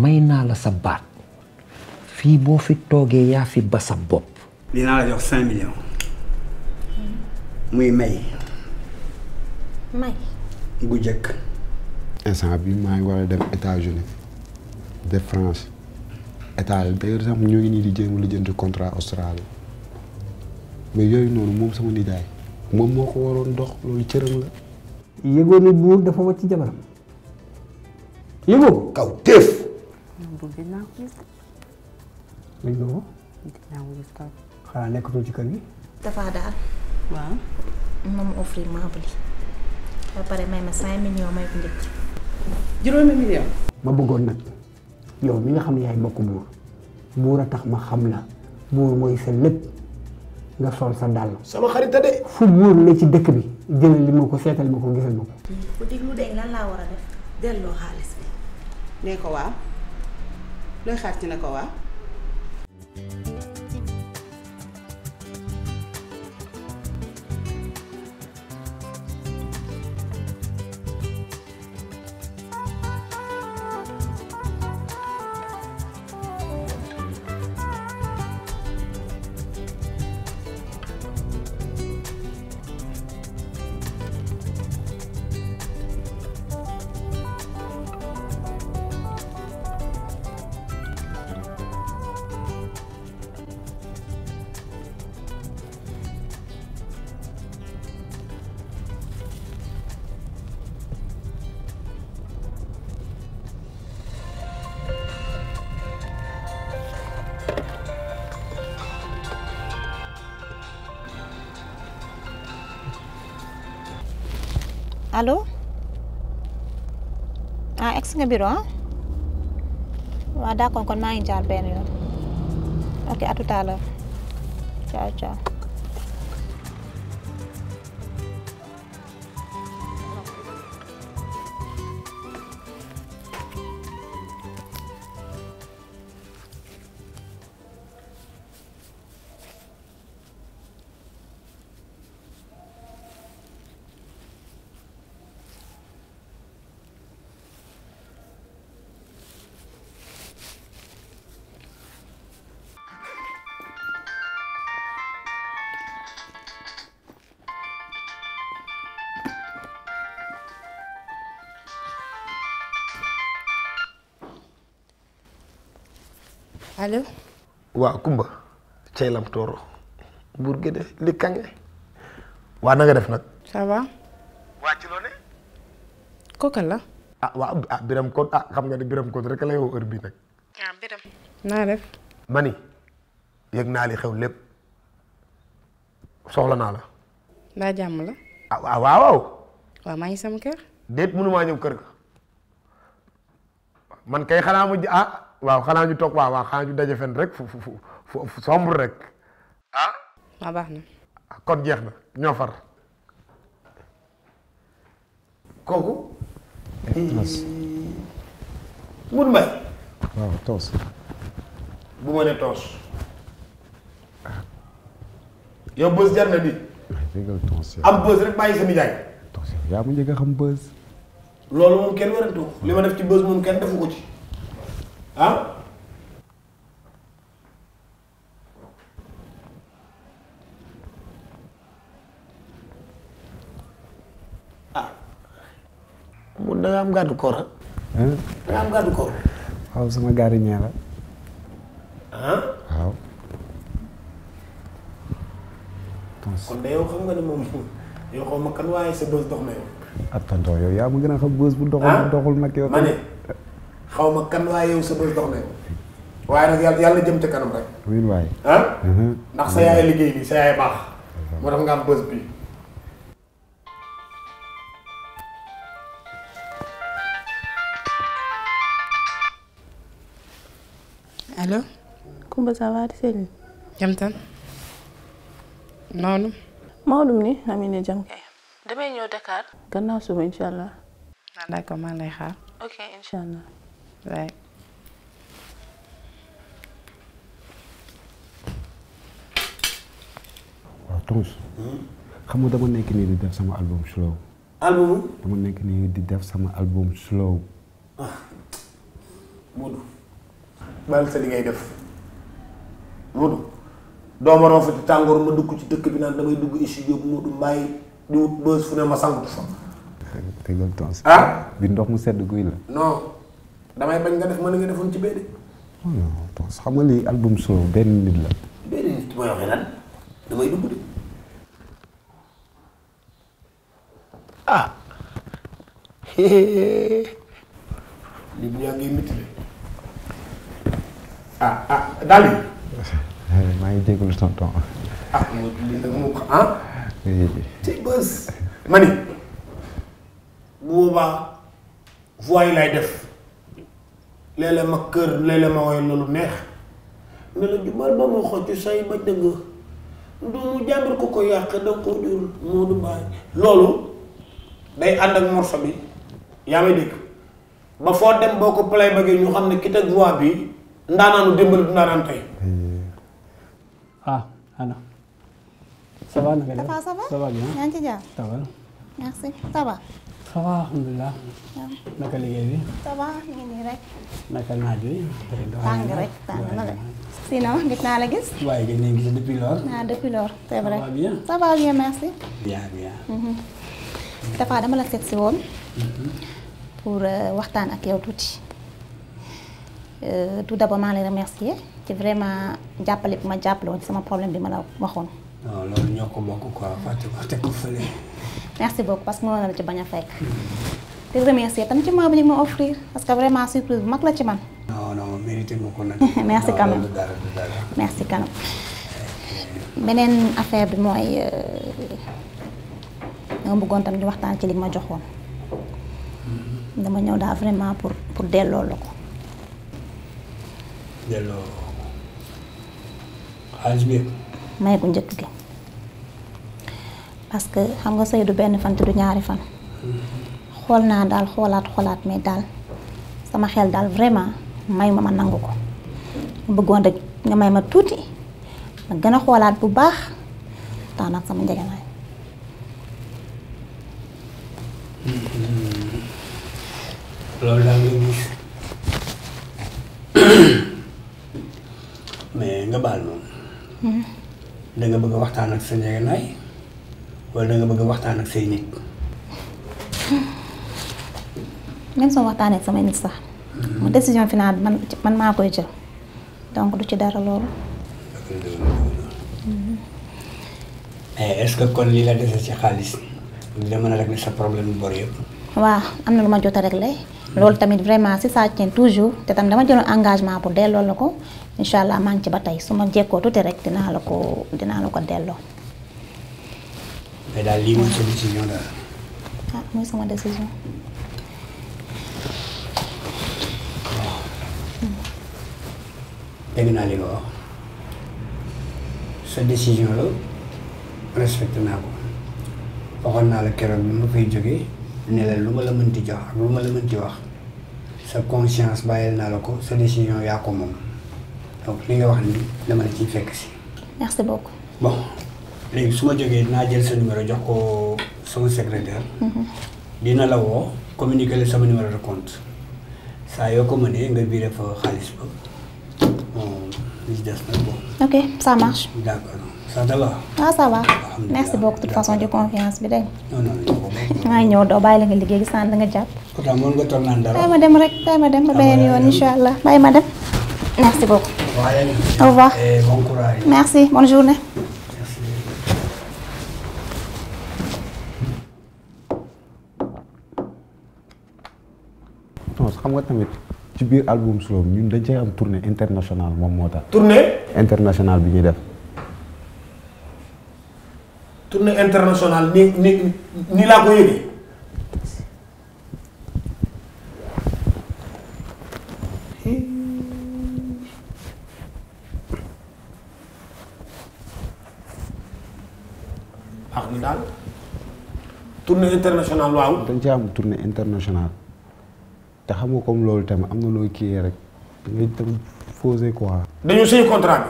may naa la sa baat fii boo fi toogee yaa fi ba sa bopp. dinaa la jox cinq muy may. may. bu njëkk. instant bi maa ngi war a dem États-Unis de France état d'ailleurs sax ñoo ngi nii di jéem lu jënd contrat Australie mais yooyu noonu moom sama nijaay moom moo ko waroon dox loolu cëram la. yëgoo buur dafa wàcc jabaram. yëgoo kaw teef. bëgg naa ko gis. nga ko. ci kër gi. dafa ma cinq millions may ko njëkk. bëggoon nag yow mi nga xam ne yaay mbokku buur buur a tax ma xam na buur mooy sa lépp nga sol sa dàll. sama xarita de. fu buur la ci dëkk bi jëlal li ma ko seetal ma ko gisal ma ko. bu déglu de lan laa war a def delloo xaalis bi. nee ko waaw. looy xaar ci ko wa allo ah egg si nga bureau ah waaw d'accord kon jaar benn yoon ok à tout allo. waaw Kumba. Ceylam Tooro. Mbour Guédé li kange. waa na nga def nag. ça va. waa ci loone. kooka la. ah waa ah, Biram Code ah xam nga ne Biram Code rek la yow heure nag. ah naa def. mani yëg naa li xew lépp soxla naa la. mbaa jàmm la. ah waaw waaw. waaw maa ngi sama kër. déet mënumaa ñëw kër ga man kay xanaa mu ah. waaw xanaa ñu toog waaw waaw xanaa ñu daje fen rek fu fu fu sombre rek ah. ma baax na. Ah, kon jeex na ñoo far. kooku. toos. toos. bu ma ne toos. yow bës jar na bi. am bës rek bàyyi sa nijaay. yaa ma njëkk a xam bës. loolu moom kenn waratu li ma def ci bës moom kenn defu ko ci. ah ah mu nga am gàddu koor da ah? nga am gàddu koor waaw sama gardien la ah waaw kon de yow xam nga ne moom yow xaw ma kan waaye sa bës dox na yow ah yow yaa ma gën a xam bës bu doxul ah? doxul nag yow ma xaw ma kan waaye yow sa bës dox nañ waaye yàlla jëm ca kanam rek. oui ah? mhm. mhm. mhm. moo tax nga bës bi. allo. Kumba ça va Serigne. jam tan. Maodo. Maodo ni Amine jam kay. Eh, damay ñëw Dakar. gannaaw suba incha allah. Ah, d'accord maa lay xaar. ok incha Ouais. xam nga dama nekk nii di def sama album slow. album. dama nekk di def sama album slow. ah Modou. baal sa li ngay def Modou. doo ma roofu tàngoor ma dugg ci dëkk bi naan damay dugg studio bu Modou Mbaye di wut bës fu ne ma sangutu fa. Ah? bi ndox mu sedd guy la. non. damay bañ nga def mën nga defoon ci béykat. Oh, non xam nga benn nit la. benn nit mooy waxee lan damay dugg de. ah. lii bu yaa ngi métti de. ah, ah maa ngi jégalu tonton. mooy lii nag moo ah. ci ah? bës. ma ni. bu boobaa voix lay def. léeg-léeg ma kër léeg-léeg ma woy loolu neex ne la jumal ba ma xocc say ba dëgg doomu jàmbur ko ko yàq da ko jur moo du bàyyi loolu day ànd ak morso bi yaa may dégg ba foo dem boo ko play bëggee ñu xam ne kit ak voix bi ndaanaanu démbal du ndaanaan tey ah ana ça va ça va alhamdulilah. Ah. naka liggéey bi. ça va nii rek. naka naaj wi. tàng rek tàng naa la gis. waaye gis nañu gis depuis lors. ah depuis lors c'est vrai. bien merci. bien mhm. dama la seet si woon. Mhm. pour euh, waxtaan ak yow tuuti. Euh, tout d'abord maa ngi remercier ci vraiment jàppale bi ma jàppale woon ci sama problème bi ma la waxoon. non loolu ñoo ko bokk quoi fàtte ko fële. merci book parce que mënoon na la ci bañ a fekk. di remercier tam ci moment bi ñu ma offrir parce que vraiment surprise bu mag la ci man. non non merci quand merci quand beneen affaire bi mooy dama bëggoon tam ñu waxtaan ci li ma joxoon. dama ñëw daal vraiment pour pour delloo la ko. delloo may ko njëkk gi. parce que xam nga sëy du benn fan te du ñaari fan. xool naa daal xoolaat xoolaat mais daal sama xel daal vraiment may ma ma nangu ko bëggoon rek nga may ma tuuti ma gën a xoolaat bu baax tax nag sama njëgënaay. Hmm. loolu mais nga baal moom. Hmm. da bëgg a waxtaan ak sa njëgënaay. wala da bëgg waxtaan ak say nit. même soo waxtaanee ak samay nit sax. ma hmm. décision finale man maa koy jël donc du ci dara loolu. mais est-ce que kon li la dese ci xaalis dina mën a régler sa problème mu bor yëpp. am na lu ma jot a régler. loolu tamit vraiment si ça tient toujours te tam dama jëloon engagement pour delloo la ko incha allah maa ngi ci ba tey su ma jekkoo tuuti rek dinaa la ko dinaa la ko delloo. mais daal lii mooy sa décision daal. ah mooy sama décision. waaw. naa li nga wax sa décision la respecté naa ko waxoon naa la keroog bi ma fay jógee ne lu ma la mënti jox ak lu ma la mënti wax sa conscience bàyyil naa la ko sa décision yaa ko moom donc li nga wax ni dama la ciy fekk si. merci beaucoup. léegi su ma jógee dinaa jël sa numéro jox ko sama secrétaire. Mm-hmm. dina la woo communiquer la sama numéro de compte saa yoo ko mënee nga biire fa xaalis ba bon li ci des nag bon. ok ah, merci beaucoup de toute façon ci confiance bi dégg nga. non non maa doo bàyyi la nga liggéey gis naa nga jàpp. pourtant mën nga toog naan ma dem rek bàyyi ma dem ba beneen yoon incha allah bàyyi ma dem merci beaucoup. au revoir. Eh, bon journée. tamit ci biir album slow ñun dañ cay am tourne international moom moo tax. tournée. internationale bi ñuy def. tournée internationale ni ni ni laa ko yëgee. ah ni daal tournée internationale waaw. dañ cee am tourne international te xam nga comme loolu tamit am na loo kii rek dangay tam fausser quoi. dañoo signé contrat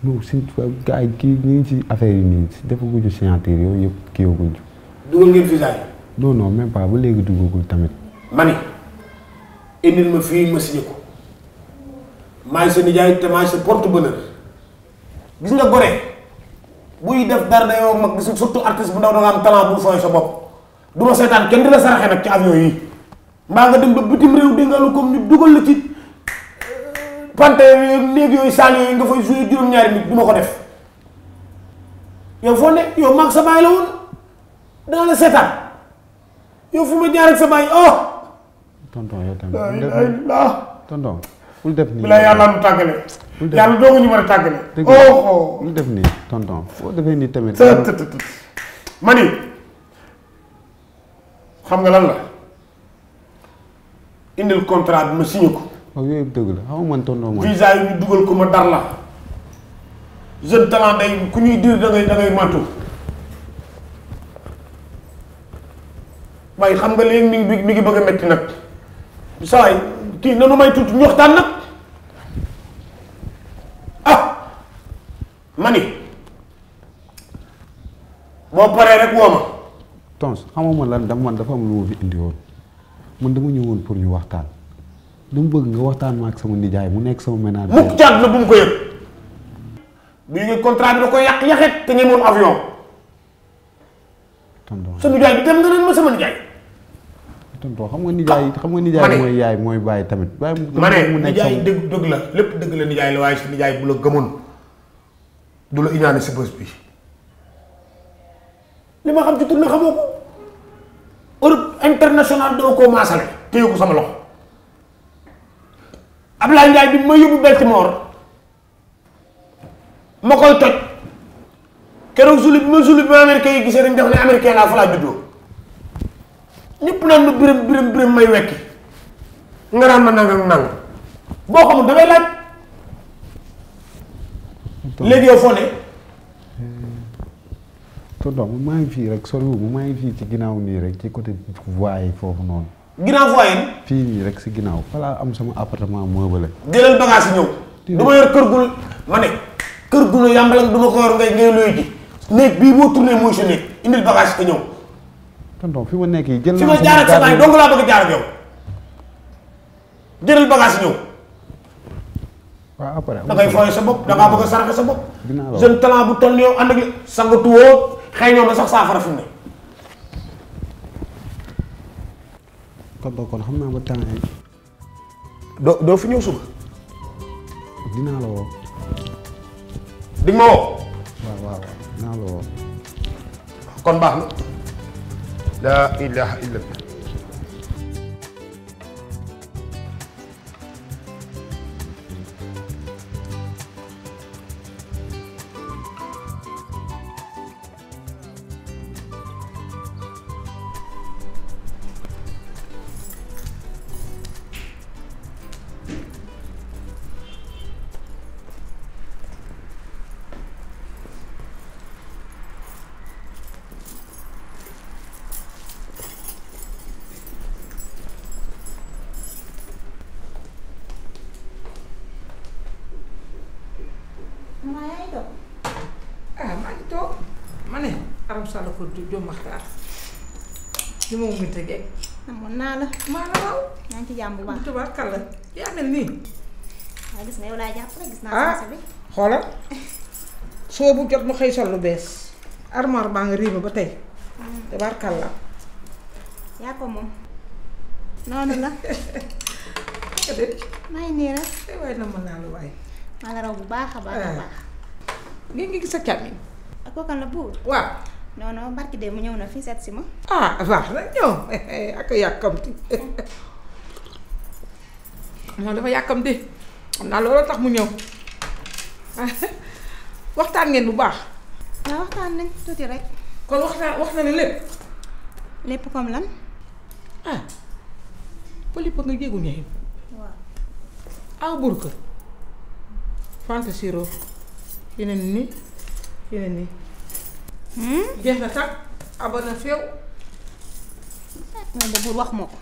bi. non si gars kii ñu ngi ci affaire yi nii defaguñu signature yooyu yëpp kii yoo guñu. dugal ngeen visa yi. non léegi duggagul tamit. ma ne indil ma fii ma signé ko maay sa nijaay te maay sa porte bonheur gis nga gore buy def dara dayoo mag surtout artiste bu ndaw da nga am talent bu fooy sa bopp du seetaan kenn di saraxee nag ci avion yi. maa nga dem ba bitim réew déngalu comme ni dugal la ci pante néeg yooyu saal yooyu nga fay joué juróom-ñaari nit du ma ko def yow foo ne yow maag sa baay la woon dans le seetaan yow fu ma jaar sa baay oh. tonton yow tamit tonton yàlla nu tàggale. bul a tàggale. Oh, oh bul def nii tonton foo defee nii tamit. ma ni xam nga lan la. indil contrat bi ma signé ko. waaw yooyu dëgg la xaw ma mën tonton mooy. visa yi dugal ko ma dar la jeune talent day ku ñuy dir da ngay da waaye xam nga léegi mi ngi mi ngi bëgg a métti nag saa yi kii nanu may tuuti ñu waxtaan nag ah ma ni rek woo ma. tons xamoo ma lan dama man dafa am lu ma fi indi woon. man dama ñëwoon pour ñu waxtaan mu bëgg nga waxtaan ma ak sama nijaay mu nekk sama ménage. mukk caat la bu mu ko yëg. bu yëgee contrat bi da koy yàq yàqet te ñemoon avion. tonton sa nijaay bi dem nga leen ma sama nijaay. tonton xam nga nijaay xam nga nijaay mooy yaay mooy bàyyi tamit. bàyyi ma ne nijaay dëgg dëgg la lépp dëgg la nijaay la waaye sa nijaay bu la gëmoon du la iñaane si bés bi. li ma xam ci tur xamoo ko. Europe international doo ko maasale téye ko sama loxo Ablaye Ndiaye bi ma yóbbu Baltimore ma koy toj keroog julli bi ma julli bi ma yi gisee dañ def ne américain laa fa laa juddoo ñëpp naan ma biram biram biram may wekki nga naan ma nangam nang boo xamul dangay laaj léegi yow foo tonton man maa ngi fii rek soriwul man maa fii ci ginnaaw nii rek ci côté voie foofu noonu. ginnaaw voie yi. fii nii rek si ginnaaw falaa am sama appartement meublé. jëlal bagage yi ñëw. gu ma ne gu la yàmbal du ma ko tonton fi ma nekk yi jël naa. fi ma jaar ak laa bëgg a jaar ak yow. jëlal bagage yi ñëw. waaw fooy sa bopp da bëgg a sa bopp. jeune talent bu toll yow ànd ak sangatuwoo xëy ñoom la sax kon xam naa ba temps doo doo fi ñëw suba. dinaa la woo. di nga ma woo. la woo. kon baax na. laa ilaaha illallah. aram sàll ko eh? naa la maa ngi ci jàmm bu baax tubaab kàlla gis nga yow laa gis naa ah, sa soo bu jot mu xëy sol lu bees armoire baa nga riima ba tey mm. tubaab kàlla yaa ko moom noonu la maa ngi nii rek eh, waaye na naa la waaye maa la raw bu baax a baax a ah. baax ngeen ngi gis sa càmmiñ ak kookan la buur waaw non non barki de mu ñëw na fi set si ma. ah baax na ñëw ak yàkkamti moom dafa yàkkamti xam naa looloo tax mu ñëw waxtaan ngeen bu baax. waaw ah, waxtaan nañ tuuti rek. kon wax naa wax na ne lépp. lépp comme lan. ah nga jéegu ñëw. waaw. aw bur ko. fanta siro yeneen ni yeneen ni. Hmm? jeex na takk abana feew man de bul wax ma ko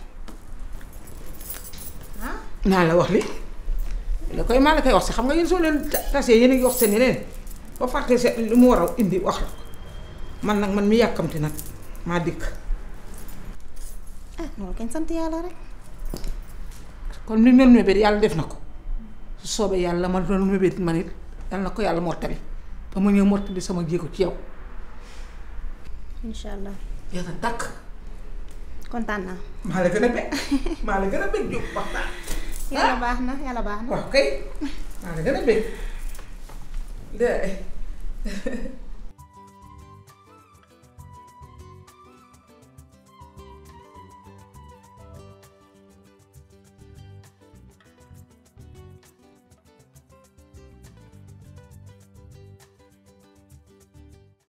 naa la wax li la koy maa la koy wax si xam nga yéen soo leen tasee yéen a ngi wax seen yeneen ba fàtte se lu mu war a indi wax la man nag man mi yàkkamti nag maa dikk ah loolu kañ sant yàlla rek kon li yàlla def na ko su soobee yàlla ma doon mébét ma it yàlla na ko yàlla mottali ba ma ñëw mottali sama jéego ci yow incha allah. yaa ngi tàkk. kontaan naa. maa la gën a bëgg maa la gën a bëgg Diop ah. baax na yàlla baax na. waaw kay maa la gën a bëgg.